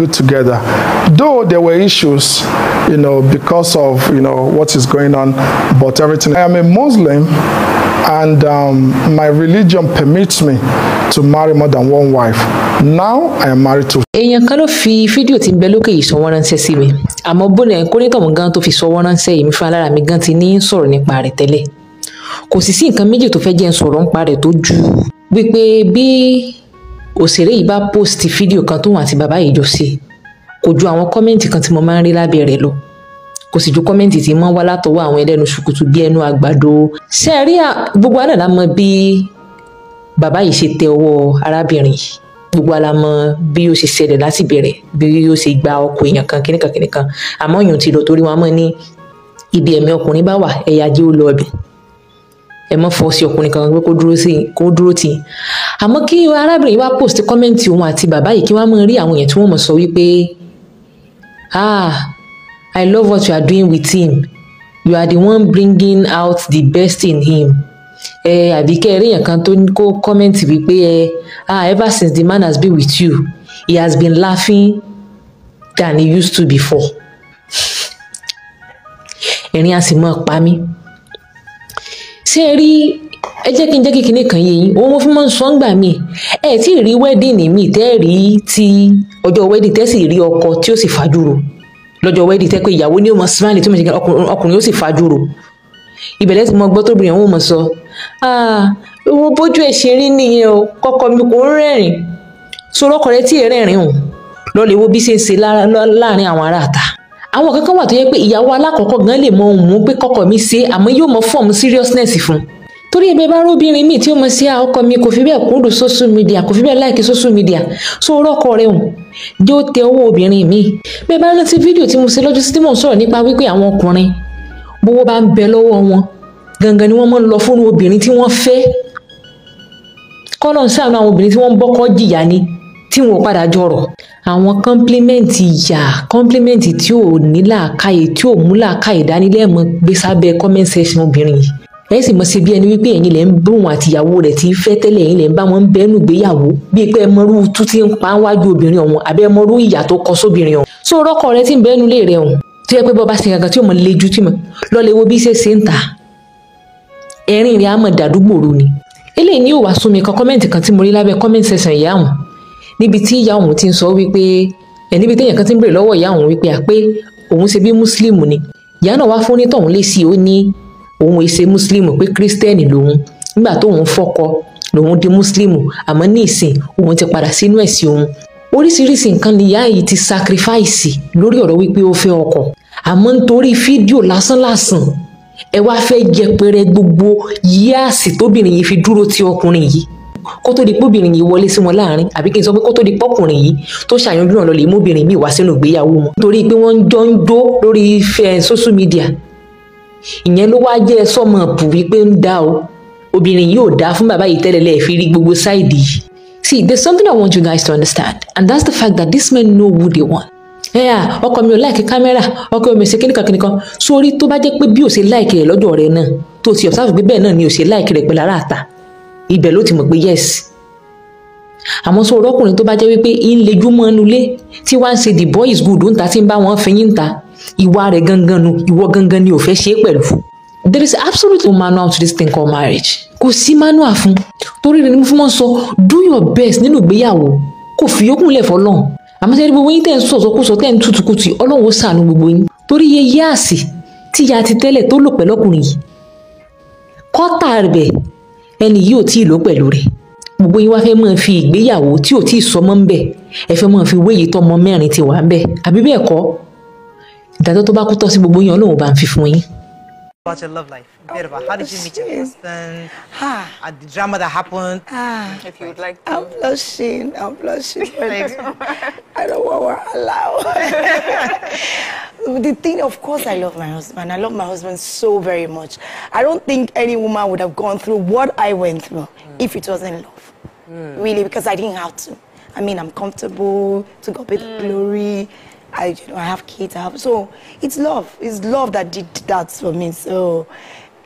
good together. Though there were issues, you know, because of, you know, what is going on, but everything. I am a Muslim and um, my religion permits me to marry more than one wife. Now I am married to. èèyàn kan ló fi fídíò tí bẹ lókè yìí sọwọ́ ránṣẹ́ sí mi àmọ́ bóni ẹ̀ kórìtọ̀mù gan tó fi sọwọ́ ránṣẹ́ yìí mi fún alára mi gan ti ní sọ̀rọ̀ nípa rẹ̀ tẹ́lẹ̀ kò sì sí nǹkan méjì tó fẹ́ jẹ́ ń sọ̀rọ̀ nípa rẹ̀ tó ju wípé bí òṣèré yìí bá post fídíò kan tóun àti bàbá yìí jọ ṣe kò ju àwọn kọ́mẹ́ǹtì kan tí mo máa ń rí lábẹ́ rẹ̀ lọ kò sì ju kọ́mẹ́ǹtì tí mo wá látọwọ́ àwọn ẹlẹ́nu ṣùkùtù bí ẹnu àgbàdo ṣé ẹ rí gbogbo àná la mọ bí bàbá yìí ṣe tẹ ọwọ́ arábìnrin yìí gbogbo àná la mọ bí ó ṣe ṣẹlẹ̀ láti bẹ̀rẹ̀ bí ó ṣe gba ọkọ̀ èèyàn kan kíníkan kíníkan àmọ́ yòó ti lọ torí wọn mọ̀ ní ibi ẹ̀mí ọkùnrin bá wà ẹ̀yà jẹ́ ó lọ ọbẹ̀ ẹ mọ́ fọ́ sí ọkùnrin kankan pé kó dúró tì í àmọ́ kí arábìnrin wá post kọ́mẹ́ǹtì òun àti bàbá yìí kí wọ́n máa rí àwọn èèyàn tí wọ́n mọ̀ sọ wípé ah I love what you are doing with him you are the one bringing out the best in him ẹ àbí kẹ́ ẹ rí èèyàn kan tó kó kọ́mẹ́ǹtì wípé ẹ ah ever since the man has been with you he has been laughing than he used to before ẹ̀rín a sì máa pa mí ṣé ẹ rí ẹ jẹ́ kí n jẹ́ kí kinní kan yé yín òun mo fi máa ń sọ ń gbà mí ẹ tí ì rí wẹ́dìnì mi tẹ́ ẹ rí ti ọjọ́ wẹ́dìnì tẹ́ sì rí ọkọ tí ó sì fajúro lọ́jọ́ wẹ́dìnì tẹ́ pé ìyàwó ni ó mọ smile tí ó mọ ṣe ọkùnrin ó sì fajúro ìbẹ̀lẹ̀ tí mo gbọ́ tóbìnrin àwọn ò mọ̀ sọ Ah, bójú ẹ̀ ṣe rí nìyẹn o kọ́kọ́ mi kò ń rẹ́rìn-ín sọ̀rọ̀ ọkọ rẹ tí ì rẹ́rìn o lọ́ọ́ lè wo bí ṣe ń ṣe láàárín àwọn aráàta àwọn kankan wà tó yẹ pé ìyàwó alákọ̀ọ́kọ́ gan lè mọ ohun mú pé kọ́kọ́ mi ṣe àmọ́ yóò mọ fọ́ọ̀mù seriousness fún un torí ẹbẹ bá róbìnrin míì tí ó mọ sí ah, ọkọ mi kò fi bẹ́ẹ̀ kúndùn social media kò fi bẹ́ẹ̀ láìkí social media so rọkọ rẹ hùn jẹ́ ó tẹ owó obìnrin míì bẹ́ẹ̀ bá rántí fídíò tí mo ṣe lọ́jọ́ sí tí mò ń sọ̀rọ̀ nípa wípé àwọn ọkùnrin bówó bá ń bẹ lọ́wọ́ wọn gangan ni wọ́n máa ń lọ fún obìnrin tí wọ́n fẹ́ kọ́nà ń ṣàánú àwọn obìnrin tí wọ́n ń bọ́kọ́ jìyà ni tí wọn ò padà jọrọ̀ àwọn kọ́ńplimẹ́ǹtì yà kọ́ńplimẹ́ǹtì tí ò ní làákàyè tí ò mú làákàyè dání lẹ́ẹ̀mọ́ gbé sábẹ́ comment section obìnrin yìí ẹ sì mọ̀ sí bí ẹni wípé ẹ̀yin lẹ́ ń bóun àtìyàwó rẹ̀ tí fẹ́ tẹ́lẹ̀ ẹ̀yin lẹ́ ń bá wọn bẹ́ẹ̀nù gbéyàwó bíi pé ẹmọrú tú ti ń pa wájú obìnrin ọ̀hún àbẹ́ ẹmọrú ìyà tó kọ sóbìnrin ọ̀hún. so rọ́kọ rẹ ti ń bẹ́ẹ̀nù lé rẹ̀ ọ̀hún tó yẹ pé bọ́ bá ni eléyìí níbi tí ìyá òun ti ń sọ wípé ẹ níbi téèyàn kan ti ń béèrè lọ́wọ́ ìyá òun wípé àpé òun ṣe bí mùsùlùmù ni ìyá náà wá fún onítọ̀hún lé sí i ó ní òun èsè mùsùlùmù pé kírísítẹ́nì lòun nígbà tóun fọ́kọ lòun di mùsùlùmù àmọ́ ní ìsìn òun ti padà sínú ẹ̀sìn òun oríṣiríṣi nǹkan ni ìyá yìí ti sacrifice lórí ọ̀rọ̀ wípé ó fẹ́ ọkọ àmọ́ nítorí fídíò lásánlàsàn ẹ wá fẹ́ yẹpẹrẹ gbogbo yíàsì tóbìnrin yìí fi dúró ti ọkùnrin yìí kó tó di pé yìí wọlé sí wọn láàrin àbí kí n sọ pé kó tó di pọkùnrin yìí tó ṣàyànjú náà lọ lè mú obìnrin míì sínú ìgbéyàwó wọn torí pé wọ́n jọ ń dó lórí social media ìyẹn ló wá jẹ́ sọ́mọ̀pù wípé ń dá o obìnrin yóò dá fún bàbá yìí tẹ́lẹ̀ lẹ́ẹ̀fi rí gbogbo sáìdì yìí. See, there's something I want you guys to understand, and that's the fact that these men know who they want Yeah, ọkọ mi ò láìkí kámẹ́rà ọkọ mi ò ṣe kíníkan kíníkan sórí tó bá jẹ́ pé bí ò ṣe láìkí rẹ̀ lọ́dọ̀ rẹ̀ náà tó ti observe pé bẹ́ẹ̀ náà ni ò ṣe láìkí rẹ̀ pẹ̀lú ara àta ibẹ̀ ló ti mọ̀ pé yes àmọ́ sọ ọ̀rọ́kùnrin tó bá jẹ́ wípé ń lejú mọ́ ẹnu lé tí wàá ń ṣe the boy is good ó ń ta tí ń bá wọn fi yín ta ìwà rẹ̀ gangan nu ìwọ gangan ni ò fẹ́ ṣe é pẹ̀lú. there is absolutely no manual to this thing called marriage kò sí manual fún torí rẹ̀ ni mo fi mọ́ sọ do your best nínú ìgbéyàwó kò fi yókù lẹ̀ fọlọ́n àmọ́ sẹ́ni gbogbo yín tẹ̀ ń sọ̀sọ́kùsọ tẹ̀ ń tutukuti ọlọ́run ó ṣàánú gbogbo yín torí iye yáàsì tíya ti tẹ́lẹ̀ tó lò pẹ̀lọ́kùnrin yìí kọ́tà rẹ̀ ẹni yìí ò tí ì lò pẹ̀lú rẹ̀ gbogbo yín wá fẹ́ máa fi ìgbéyàwó tí ò tí ì sọmọ́ ń bẹ̀ ẹ fẹ́ máa fi wéyìí tọmọ mẹ́rin ti wà ń bẹ̀ àbí bẹ́ẹ̀ kọ́ ìdájọ́ tó bá kú tọ́ sí gbogbo yín ọlọ́run bá ń fi fún yín. About your love life, a bit about how did you meet your husband, ah. the drama that happened. If you would like to. I'm blushing, I'm blushing. I don't want to allow. the thing, of course, I love my husband. I love my husband so very much. I don't think any woman would have gone through what I went through mm. if it wasn't love. Mm. Really, because I didn't have to. I mean, I'm comfortable, to God be the glory. I, you know, I have kids. I have, so it's love. It's love that did that for me. So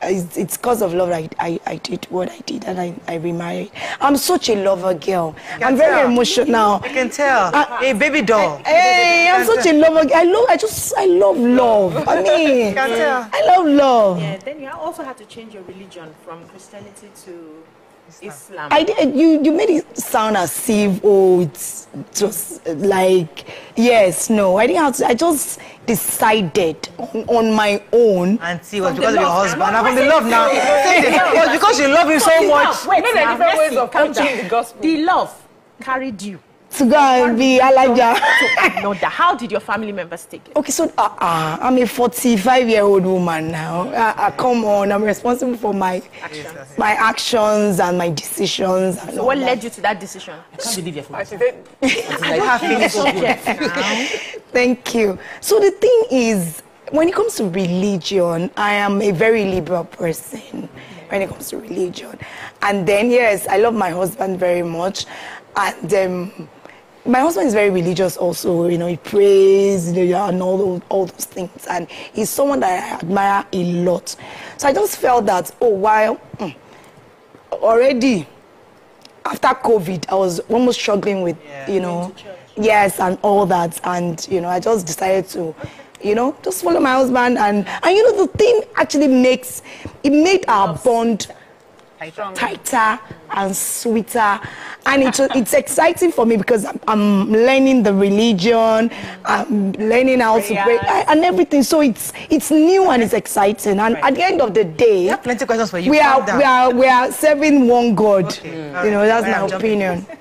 it's, it's cause of love I, I, I did what I did and I, I remarried. I'm such a lover girl. I'm very tell. emotional. I can tell. hey, baby doll. hey, I'm such tell. a lover. I love. I just I love love. I mean, can tell. I love love. Yeah. Then you also had to change your religion from Christianity to Islam. I did. You you made it sound as if oh it's just like yes no I didn't have to, I just decided on, on my own. And Auntie was because of your husband. I'm from the love now. It was because you love him so much. Wait, no, different ways of the gospel. The love carried you to go and be alaja. another. How did your family members take it? Okay, so uh, uh, I'm a 45 year old woman now. Uh, uh, come on, I'm responsible for my actions. my actions and my decisions. And so what led you to that decision? I can't believe you're 45. I have finished yet. Thank you. So the thing is, when it comes to religion, I am a very liberal person when it comes to religion. And then, yes, I love my husband very much. And um, my husband is very religious also you know he prays you know, and all those, all those things and he's someone that i admire a lot so i just felt that oh while mm, already after covid i was almost struggling with yeah, you know yes and all that and you know i just decided to you know just follow my husband and and you know the thing actually makes it made our bond tighter, and sweeter. And it, it's exciting for me because I'm, I'm learning the religion, I'm learning how Prayers. to pray and everything. So it's it's new and it's exciting. And right. at the end of the day, plenty of questions for you. We are we are we are serving one God. Okay. Mm. You know, that's my opinion.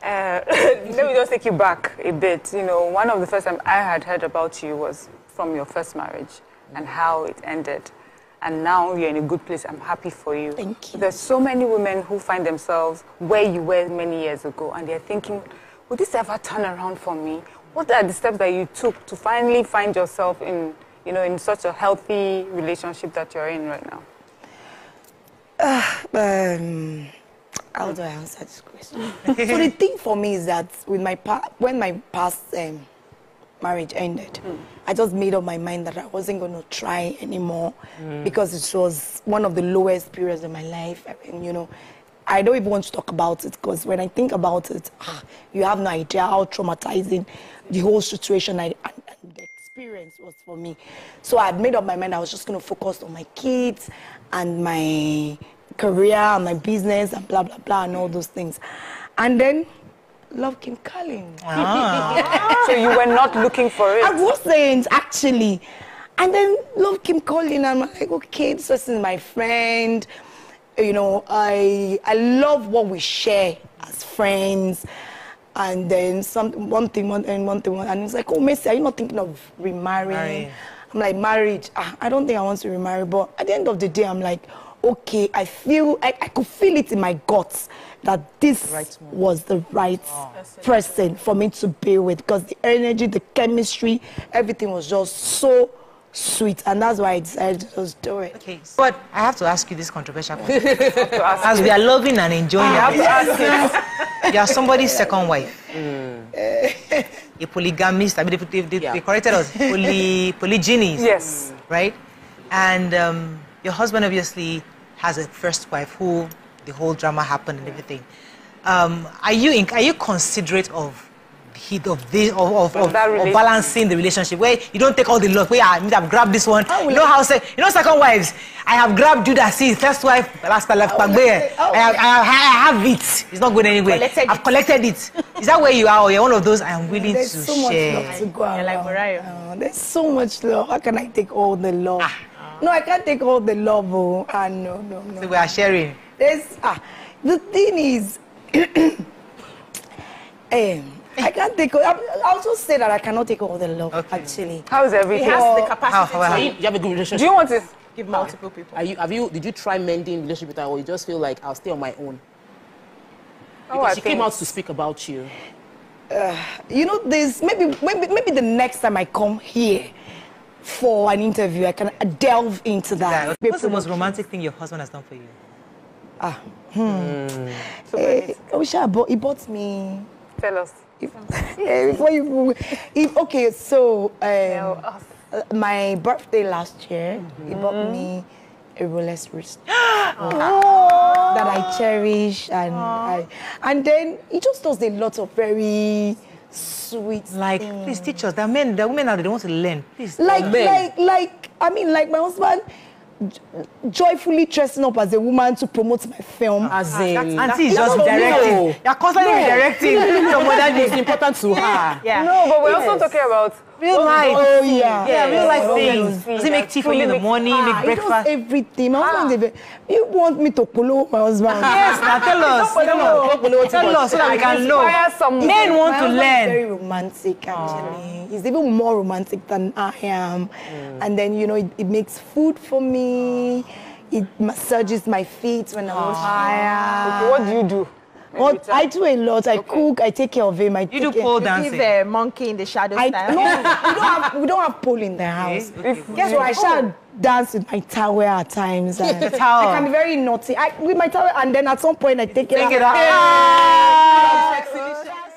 Uh, let me just take you back a bit. You know, one of the first time I had heard about you was from your first marriage and how it ended and now you're in a good place. I'm happy for you. Thank you. There's so many women who find themselves where you were many years ago, and they're thinking, "Would this ever turn around for me? What are the steps that you took to finally find yourself in, you know, in such a healthy relationship that you're in right now? Uh, um, how do I answer this question? so the thing for me is that with my pa- when my past um, marriage ended. Mm. I just made up my mind that I wasn't going to try anymore mm. because it was one of the lowest periods in my life. I mean, you know, I don't even want to talk about it because when I think about it, ah, you have no idea how traumatizing the whole situation I, and, and the experience was for me. So I had made up my mind I was just going to focus on my kids and my career and my business and blah, blah, blah, and all those things. And then love Kim Carling. Ah. so you were not looking for it? I wasn't, actually. And then love Kim Carling. I'm like, okay, this is my friend. You know, I, I love what we share as friends. And then some, one thing, one thing, one thing, one, and it's like, oh, Messi, are you not thinking of remarrying? Marry. I'm like, marriage, ah, I don't think I want to remarry. But at the end of the day, I'm like, okay, I feel, I, I could feel it in my guts that this right was the right oh. person for me to be with because the energy, the chemistry, everything was just so sweet. And that's why I decided to just do it. Okay. But I have to ask you this controversial question. As we are loving and enjoying you are somebody's second wife. Mm. a polygamist. I mean, they, they, yeah. they corrected us. Poly, polygynist. Yes. Right? And um, your husband obviously has a first wife who the whole drama happened and everything. Um, are you are you considerate of heat of this of, of, of, of, balancing the relationship where you don't take all the love where I ah, mean, I've grabbed this one you know how say you know second wives I have grabbed you that see first wife last left oh, oh, I, I, I, have it it's not going anywhere collected I've collected it. it is that where you are or you're one of those I am willing there's to so share much love to go around. Like oh, there's so much love how can I take all the love ah. no I can't take all the love oh, ah, no no no so we are sharing there's, ah, the thing is, um, I can't take. I, I also say that I cannot take all the love. Okay. Actually, how is everything? He has the capacity. How, how, how. You, you have a good relationship. Do you want to give multiple people? Are you, have you? Did you try mending relationship with her, or you just feel like I'll stay on my own? Because oh, she came out to speak about you. Uh, you know, there's maybe, maybe maybe the next time I come here for an interview, I can delve into that. Yeah. What's the most romantic thing your husband has done for you? Ah. Hmm. Hey, eh, Osha, oh, but he bought me. Tell us. If, eh, before you, if, okay, so um, uh, my birthday last year, mm-hmm. he bought mm-hmm. me a Rolex wrist ah! that I cherish, and I, and then he just does a lot of very sweet. Like, things. please teach us. The men, the women are the ones to learn. Please, like, like, like. I mean, like my husband joyfully dressing up as a woman to promote my film. Ah, as in, ah, auntie is just directing. You're constantly no. directing. so whether it's important to her. Yeah. No, but we're yes. also talking about real oh, oh, life. Oh, yeah. Yeah, real life things. Does he make tea for you in the morning, make ah, breakfast? everything. My husband, ah. you want me to polo my husband? Yes, now tell us. Tell us so that we can know. Men want to learn. very romantic, actually. Ah. He's even more romantic than I am. Mm. And then, you know, it makes food for me. It massages my feet when I'm tired. What do you do? I do a lot. I okay. cook. I take care of him. I you do pole dancing. You give the monkey in the shadow I, style. No, we don't have we don't have pole in the house. Okay, okay, Guess what? I shall dance with my towel at times. And the towel. I can be very naughty I, with my towel, and then at some point I take it take out. Take it out. Yeah. Yeah.